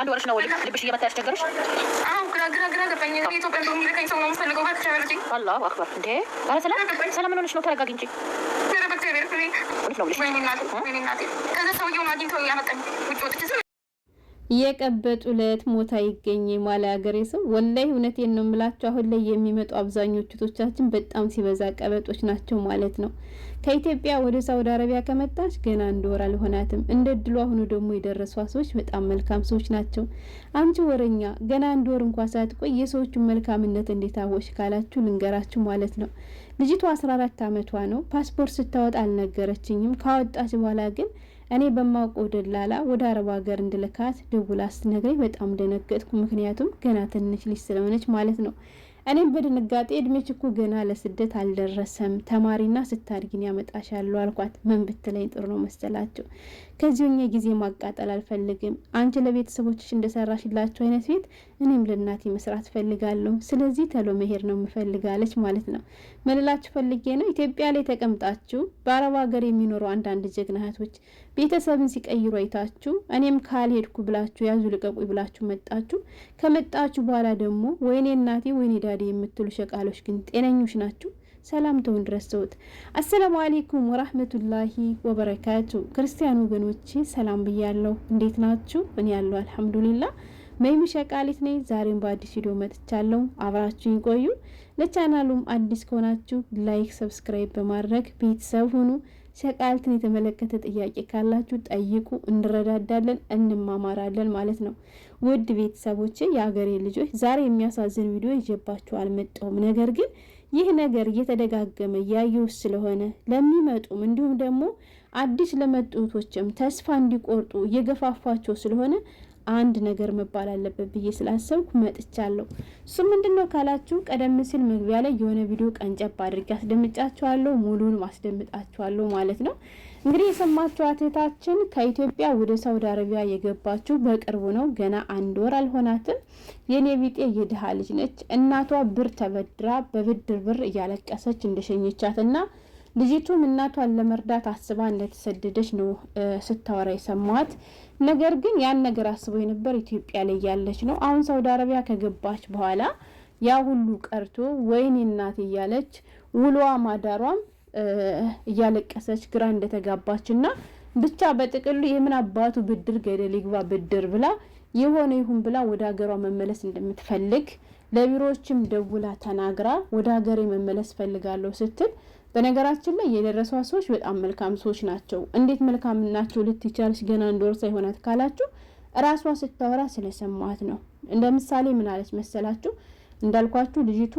አንድ ወርሽ ነው ወዲህ ልብሽ እየመታ ያስቸገረሽ? አላሁ አክበር እንዴ! ኧረ ሰላም ሰላም፣ ምን ሆነሽ ነው? ተረጋግ እንጂ ወዴት ነው ብለሽ የቀበጡለት ለት ሞታ ይገኝ ሀገሬ ሰው ወላይ እውነቴን ነው የምላቸው። አሁን ላይ የሚመጡ አብዛኞቹ ቶቻችን በጣም ሲበዛ ቀበጦች ናቸው ማለት ነው። ከኢትዮጵያ ወደ ሳውዲ አረቢያ ከመጣች ገና አንድ ወር አልሆናትም። እንደ ድሉ ሆኖ ደግሞ የደረሷ ሰዎች በጣም መልካም ሰዎች ናቸው። አንቺ ወረኛ፣ ገና አንድ ወር እንኳ ሳትቆይ የሰዎቹን መልካምነት እንዴት አወሽ ካላችሁ ልንገራችሁ ማለት ነው። ልጅቷ 14 አመቷ ነው። ፓስፖርት ስታወጣ አልነገረችኝም። ካወጣች በኋላ ግን እኔ በማውቀው ደላላ ወደ አረብ ሀገር እንድልካት ደውላ ስትነግረኝ በጣም ደነገጥኩ። ምክንያቱም ገና ትንሽ ልጅ ስለሆነች ማለት ነው። እኔም በድንጋጤ እድሜች እኮ ገና ለስደት አልደረሰም፣ ተማሪና ስታድግን ያመጣሽ ያሉ አልኳት። ምን ብትለኝ ጥሩ ነው መሰላቸው? ከዚሁኛ ጊዜ ማቃጠል አልፈልግም። አንቺ ለቤተሰቦችሽ እንደሰራሽላቸው አይነት ቤት እኔም ለእናቴ መስራት ፈልጋለሁ። ስለዚህ ተሎ መሄድ ነው ምፈልጋለች ማለት ነው። መልላችሁ ፈልጌ ነው ኢትዮጵያ ላይ ተቀምጣችሁ በአረብ ሀገር የሚኖሩ አንዳንድ ጀግና እህቶች ቤተሰብን ሲቀይሩ አይታችሁ እኔም ካልሄድኩ ብላችሁ ያዙ ልቀቁ ብላችሁ መጣችሁ። ከመጣችሁ በኋላ ደግሞ ወይኔ እናቴ ወይኔ ዳዴ የምትሉ ሸቃሎች ግን ጤነኞች ናችሁ? ተውን ድረሰውት። አሰላሙ አሌይኩም ወራህመቱላሂ ወበረካቱ። ክርስቲያን ወገኖቼ ሰላም ብያለሁ። እንዴት ናችሁ? እኔ ያለሁ አልሐምዱሊላ። መይሙ ሸቃሊት ነኝ። ዛሬም በአዲስ ቪዲዮ መጥቻለሁ። አብራችሁ ቆዩ። ለቻናሉም አዲስ ከሆናችሁ ላይክ፣ ሰብስክራይብ በማድረግ ቤተሰብ ሁኑ። ሸቃልትን የተመለከተ ጥያቄ ካላችሁ ጠይቁ፣ እንረዳዳለን፣ እንማማራለን ማለት ነው። ውድ ቤተሰቦች፣ የአገሬ ልጆች፣ ዛሬ የሚያሳዝን ቪዲዮ ይዤባችሁ አልመጣሁም። ነገር ግን ይህ ነገር እየተደጋገመ ያየሁት ስለሆነ ለሚመጡም እንዲሁም ደግሞ አዲስ ለመጡቶችም ተስፋ እንዲቆርጡ እየገፋፋቸው ስለሆነ አንድ ነገር መባል አለበት ብዬ ስላሰብኩ መጥቻለሁ። እሱ ምንድን ነው ካላችሁ ቀደም ሲል መግቢያ ላይ የሆነ ቪዲዮ ቀንጨብ አድርጌ አስደምጫችኋለሁ፣ ሙሉን አስደምጣችኋለሁ ማለት ነው። እንግዲህ የሰማችኋት እህታችን ከኢትዮጵያ ወደ ሳውዲ አረቢያ የገባችው በቅርቡ ነው። ገና አንድ ወር አልሆናትም። የኔ ቢጤ የድሃ ልጅ ነች። እናቷ ብር ተበድራ በብድር ብር እያለቀሰች እንደሸኘቻትና ልጅቱም እናቷን ለመርዳት አስባ እንደተሰደደች ነው ስታወራ የሰማት። ነገር ግን ያን ነገር አስቦ የነበር ኢትዮጵያ ላይ ያለች ነው። አሁን ሳውዲ አረቢያ ከገባች በኋላ ያ ሁሉ ቀርቶ ወይኔ እናት እያለች ውሏ ማዳሯም እያለቀሰች ግራ እንደተጋባች እና ብቻ በጥቅሉ የምን አባቱ ብድር ገደል ይግባ ብድር ብላ የሆነ ይሁን ብላ ወደ ሀገሯ መመለስ እንደምትፈልግ ለቢሮዎችም ደውላ ተናግራ ወደ ሀገሬ መመለስ ፈልጋለሁ ስትል በነገራችን ላይ የደረሷት ሰዎች በጣም መልካም ሰዎች ናቸው። እንዴት መልካም ናቸው ልትቻለች ገና አንድ ወር ሳይሆናት ካላችሁ እራሷ ስታወራ ስለሰማት ነው። እንደ ምሳሌ ምን አለች መሰላችሁ? እንዳልኳችሁ ልጅቱ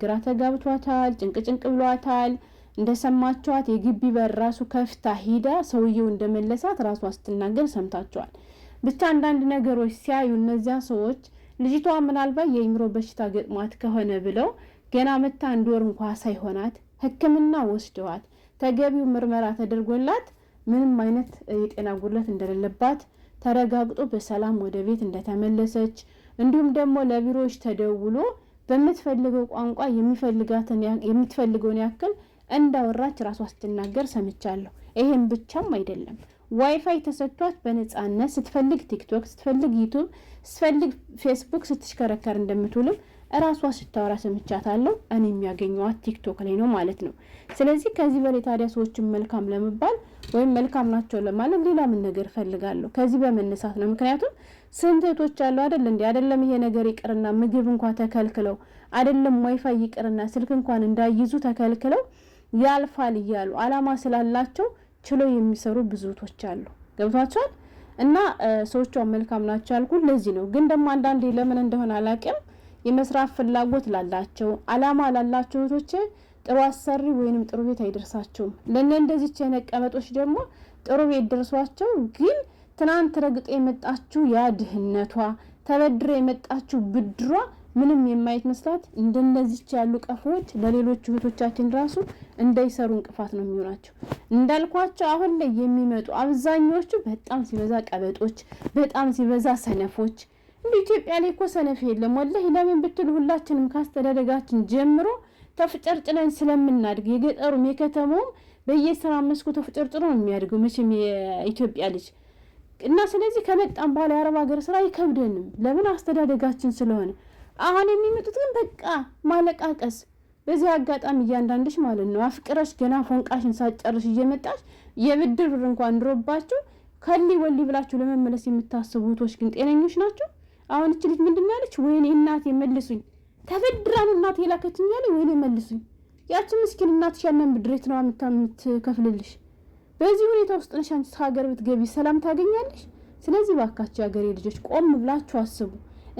ግራ ተጋብቷታል፣ ጭንቅጭንቅ ብሏታል። እንደሰማችኋት የግቢ በር ራሱ ከፍታ ሂዳ ሰውየው እንደመለሳት ራሷ ስትናገር ሰምታችኋል። ብቻ አንዳንድ ነገሮች ሲያዩ እነዚያ ሰዎች ልጅቷ ምናልባት የአእምሮ በሽታ ገጥሟት ከሆነ ብለው ገና መታ አንድ እንኳ ሳይሆናት ሕክምና ወስደዋት ተገቢው ምርመራ ተደርጎላት ምንም አይነት የጤና ጉድለት እንደሌለባት ተረጋግጦ በሰላም ወደ ቤት እንደተመለሰች እንዲሁም ደግሞ ለቢሮዎች ተደውሎ በምትፈልገው ቋንቋ የምትፈልገውን ያክል እንዳወራች ራሷ ስትናገር ሰምቻለሁ። ይሄም ብቻም አይደለም ዋይፋይ ተሰጥቷት በነፃነት ስትፈልግ ቲክቶክ፣ ስትፈልግ ዩቱብ፣ ስትፈልግ ፌስቡክ ስትሽከረከር እንደምትውልም እራሷ ስታወራ ሰምቻታለሁ። እኔ የሚያገኘዋት ቲክቶክ ላይ ነው ማለት ነው። ስለዚህ ከዚህ በላይ ታዲያ ሰዎችን መልካም ለመባል ወይም መልካም ናቸው ለማለት ሌላ ምን ነገር እፈልጋለሁ? ከዚህ በመነሳት ነው። ምክንያቱም ስንት እህቶች አሉ አደለ እንዲ አደለም፣ ይሄ ነገር ይቅርና ምግብ እንኳ ተከልክለው አደለም፣ ዋይፋይ ይቅርና ስልክ እንኳን እንዳይይዙ ተከልክለው ያልፋል እያሉ አላማ ስላላቸው ችሎ የሚሰሩ ብዙ እህቶች አሉ። ገብቷቸዋል። እና ሰዎቿ መልካም ናቸው ያልኩ ለዚህ ነው። ግን ደግሞ አንዳንዴ ለምን እንደሆነ አላቅም የመስራት ፍላጎት ላላቸው አላማ ላላቸው እህቶች ጥሩ አሰሪ ወይንም ጥሩ ቤት አይደርሳቸውም። ለእነ እንደዚች የነቀመጦች ደግሞ ጥሩ ቤት ደርሷቸው ግን ትናንት ረግጦ የመጣችው ያ ድህነቷ ተበድሮ የመጣችው ብድሯ ምንም የማየት መስላት እንደነዚች ያሉ ቀፎዎች ለሌሎች እህቶቻችን ራሱ እንዳይሰሩ እንቅፋት ነው የሚሆናቸው። እንዳልኳቸው አሁን ላይ የሚመጡ አብዛኛዎቹ በጣም ሲበዛ ቀበጦች፣ በጣም ሲበዛ ሰነፎች እንደ ኢትዮጵያ ላይ እኮ ሰነፍ የለም። ወላሂ ለምን ብትል ሁላችንም ካስተዳደጋችን ጀምሮ ተፍጨርጭለን ስለምናድግ የገጠሩም የከተማውም በየስራ መስኩ ተፍጨርጭሎ ነው የሚያድገው መቼም የኢትዮጵያ ልጅ እና ስለዚህ ከመጣም በኋላ የአረብ ሀገር ስራ አይከብደንም። ለምን አስተዳደጋችን ስለሆነ። አሁን የሚመጡት ግን በቃ ማለቃቀስ። በዚህ አጋጣሚ እያንዳንድሽ ማለት ነው አፍቅረሽ ገና ፎንቃሽን ሳጨርሽ እየመጣሽ የብድር ብር እንኳን ድሮባችሁ ከሊ ወሊ ብላችሁ ለመመለስ የምታስቡ እህቶች ግን ጤነኞች ናቸው? አሁን እች ልጅ ምንድን ነው ያለች? ወይኔ እናቴ መልሱኝ፣ ተበድራ ነው እናቴ የላከችኝ ያለ ወይኔ መልሱኝ። ያቺ ምስኪን እናትሽ ያንን ብድሬት ነው አምታ የምትከፍልልሽ። በዚህ ሁኔታ ውስጥ ነሽ አንቺ። ሀገር ብትገቢ ሰላም ታገኛለሽ። ስለዚህ ባካቸው ሀገሬ ልጆች ቆም ብላችሁ አስቡ።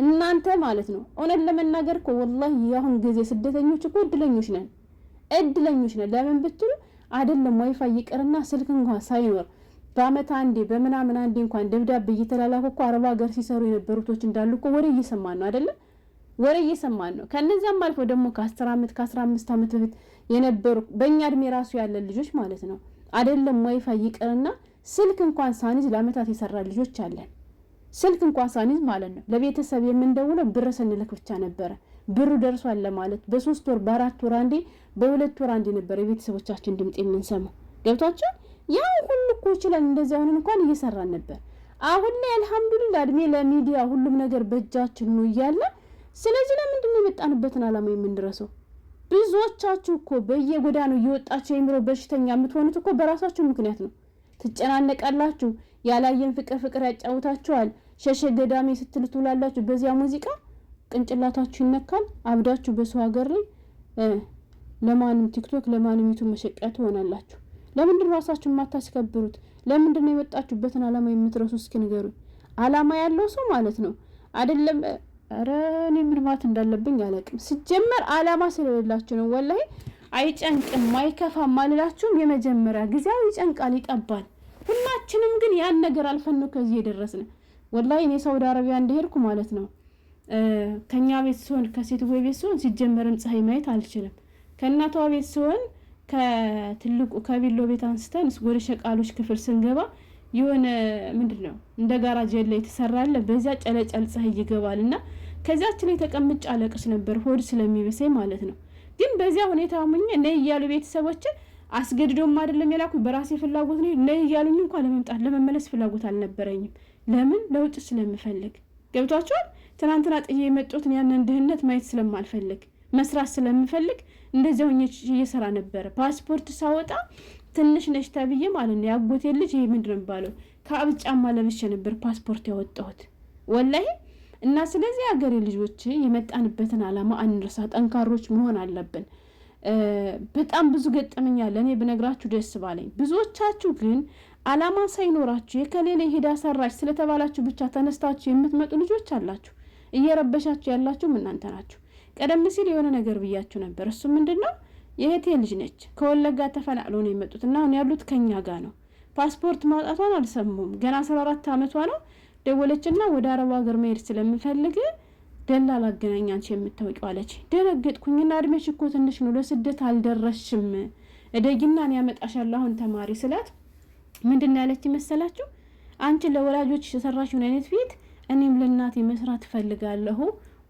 እናንተ ማለት ነው እውነት ለመናገር እኮ ወላሂ የአሁን ጊዜ ስደተኞች እኮ እድለኞች ነን፣ እድለኞች ነን። ለምን ብትሉ አይደለም ዋይፋይ ይቅርና ስልክ እንኳ ሳይኖር በአመት አንዴ በምናምን አንዴ እንኳን ደብዳቤ እየተላላኩ እኮ አረብ ሀገር ሲሰሩ የነበሩቶች እንዳሉ እኮ ወሬ እየሰማን ነው አይደለም? ወሬ እየሰማን ነው። ከእነዚያም አልፎ ደግሞ ከአስር አመት ከአስራ አምስት ዓመት በፊት የነበሩ በእኛ እድሜ ራሱ ያለን ልጆች ማለት ነው አይደለም ዋይፋይ ይቅርና ስልክ እንኳን ሳኒዝ ለአመታት የሰራ ልጆች አለን። ስልክ እንኳን ሳኒዝ ማለት ነው ለቤተሰብ የምንደውለው ብር ስንልክ ብቻ ነበረ። ብሩ ደርሷል ለማለት በሶስት ወር በአራት ወር አንዴ በሁለት ወር አንዴ ነበረ የቤተሰቦቻችን ድምፅ የምንሰማው ገብቷቸው ያው ሁሉ እኮ ይችላል። እንደዚህ አሁን እንኳን እየሰራን ነበር። አሁን ላይ አልሐምዱሊላ እድሜ ለሚዲያ ሁሉም ነገር በእጃችን ነው እያለ ስለዚህ ለምንድን ነው የመጣንበትን ዓላማ የምንድረሰው? ብዙዎቻችሁ እኮ በየጎዳኑ እየወጣችሁ የአእምሮ በሽተኛ የምትሆኑት እኮ በራሳችሁ ምክንያት ነው። ትጨናነቃላችሁ። ያላየን ፍቅር ፍቅር ያጫውታችኋል። ሸሸ ገዳሜ ስትል ትውላላችሁ። በዚያ ሙዚቃ ቅንጭላታችሁ ይነካል። አብዳችሁ በሰው ሀገር ላይ ለማንም ቲክቶክ ለማንም ዩቱብ መሸቂያ ትሆናላችሁ። ለምንድን ነው ራሳችሁን የማታስከብሩት? ለምንድን ነው የመጣችሁበትን አላማ የምትረሱ? እስኪ ንገሩ። አላማ ያለው ሰው ማለት ነው አይደለም። ኧረ እኔ ምን ማለት እንዳለብኝ አላውቅም። ሲጀመር አላማ ስለሌላችሁ ነው። ወላሂ አይጨንቅም፣ አይከፋም አልላችሁም። የመጀመሪያ ጊዜያዊ ይጨንቃል፣ ይጠባል። ሁላችንም ግን ያን ነገር አልፈን ነው ከዚህ የደረስን። ወላሂ እኔ ሳውዲ አረቢያ እንደሄድኩ ማለት ነው ከኛ ቤት ሲሆን ከሴት ቤት ሲሆን ሲጀመርም ፀሐይ ማየት አልችልም ከእናቷ ቤት ሲሆን ከትልቁ ከቢሎ ቤት አንስተን ወደ ሸቃሎች ክፍል ስንገባ የሆነ ምንድን ነው እንደ ጋራጅ ላይ የተሰራለ በዚያ ጨለጨል ፀሐይ ይገባል እና ከዚያችን ተቀምጭ አለቅስ ነበር ሆድ ስለሚበሳኝ ማለት ነው። ግን በዚያ ሁኔታ ሙኜ ነይ እያሉ ቤተሰቦችን አስገድዶም አይደለም የላኩ በራሴ ፍላጎት ነው። ነይ እያሉኝ እንኳ ለመምጣት ለመመለስ ፍላጎት አልነበረኝም። ለምን ለውጭ ስለምፈልግ ገብቷቸዋል። ትናንትና ጥዬ የመጡትን ያንን ድህነት ማየት ስለማልፈልግ መስራት ስለምፈልግ እንደዚያ ሆኜ እየሰራ ነበረ። ፓስፖርት ሳወጣ ትንሽ ነሽ ተብዬ ማለት ነው ያጎቴ ልጅ ይሄ ምንድን ባለው ከአብ ጫማ ለብሼ ነበር ፓስፖርት ያወጣሁት ወላሂ። እና ስለዚህ ሀገሬ ልጆች የመጣንበትን አላማ አንረሳ፣ ጠንካሮች መሆን አለብን። በጣም ብዙ ገጠመኝ ለእኔ ብነግራችሁ ደስ ባለኝ። ብዙዎቻችሁ ግን አላማ ሳይኖራችሁ የከሌለ ሄዳ ሰራች ስለተባላችሁ ብቻ ተነስታችሁ የምትመጡ ልጆች አላችሁ። እየረበሻችሁ ያላችሁም እናንተ ናችሁ። ቀደም ሲል የሆነ ነገር ብያችሁ ነበር። እሱ ምንድን ነው የእህቴ ልጅ ነች። ከወለጋ ተፈናቅሎ ነው የመጡት እና አሁን ያሉት ከኛ ጋር ነው። ፓስፖርት ማውጣቷን አልሰሙም። ገና አስራ አራት ዓመቷ ነው። ደወለችና ወደ አረቡ ሀገር መሄድ ስለምፈልግ ደላ ላገናኝ አንቺ የምታውቂው አለች። ደነገጥኩኝና እድሜሽ እኮ ትንሽ ነው ለስደት አልደረስሽም፣ እደጊና እኔ ያመጣሻለሁ አሁን ተማሪ ስላት ምንድን ያለች ይመሰላችሁ? አንቺ ለወላጆች የሰራሽውን አይነት ቤት እኔም ለእናቴ መስራት እፈልጋለሁ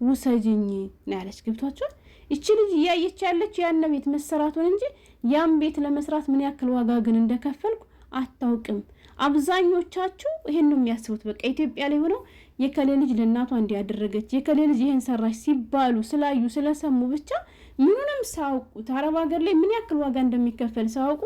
ውሰጅኝ ነው ያለች። ገብቷቸዋል። እቺ ልጅ እያየች ያለች ያን ቤት መሰራቱን እንጂ ያን ቤት ለመስራት ምን ያክል ዋጋ ግን እንደከፈልኩ አታውቅም። አብዛኞቻችሁ ይሄን ነው የሚያስቡት። በቃ ኢትዮጵያ ላይ ሆነው የከሌ ልጅ ለእናቷ እንዲያደረገች የከሌ ልጅ ይሄን ሰራች ሲባሉ ስላዩ ስለሰሙ ብቻ ምኑንም ሳያውቁ አረብ ሀገር ላይ ምን ያክል ዋጋ እንደሚከፈል ሳያውቁ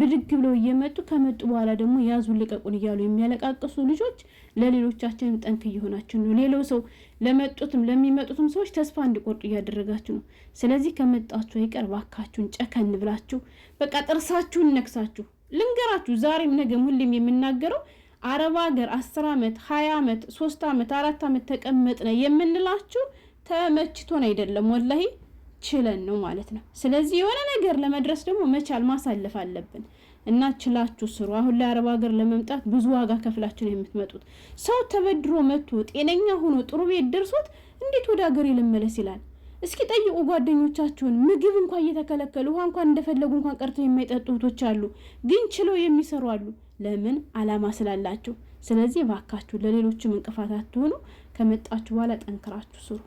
ብድግ ብለው እየመጡ ከመጡ በኋላ ደግሞ ያዙን ልቀቁን እያሉ የሚያለቃቅሱ ልጆች ለሌሎቻችንም ጠንክ እየሆናችን ነው። ሌላው ሰው ለመጡትም ለሚመጡትም ሰዎች ተስፋ እንዲቆርጡ እያደረጋችሁ ነው። ስለዚህ ከመጣችሁ አይቀር ባካችሁን ጨከን ብላችሁ በቃ ጥርሳችሁን ነክሳችሁ ልንገራችሁ፣ ዛሬም ነገም ሁሌም የምናገረው አረብ ሀገር አስር ዓመት ሀያ ዓመት ሶስት ዓመት አራት ዓመት ተቀመጥነ የምንላችሁ ተመችቶን አይደለም ወላሄ ችለን ነው ማለት ነው። ስለዚህ የሆነ ነገር ለመድረስ ደግሞ መቻል ማሳለፍ አለብን እና ችላችሁ ስሩ። አሁን ላይ አረብ ሀገር ለመምጣት ብዙ ዋጋ ከፍላችሁ ነው የምትመጡት። ሰው ተበድሮ መጥቶ ጤነኛ ሆኖ ጥሩ ቤት ደርሶት እንዴት ወደ ሀገሬ ልመለስ ይላል? እስኪ ጠይቁ ጓደኞቻችሁን። ምግብ እንኳን እየተከለከሉ ውሃ እንኳን እንደፈለጉ እንኳን ቀርተው የማይጠጡ እህቶች አሉ፣ ግን ችለው የሚሰሩ አሉ። ለምን? አላማ ስላላችሁ። ስለዚህ እባካችሁ ለሌሎችም እንቅፋት አትሆኑ። ከመጣችሁ በኋላ ጠንክራችሁ ስሩ።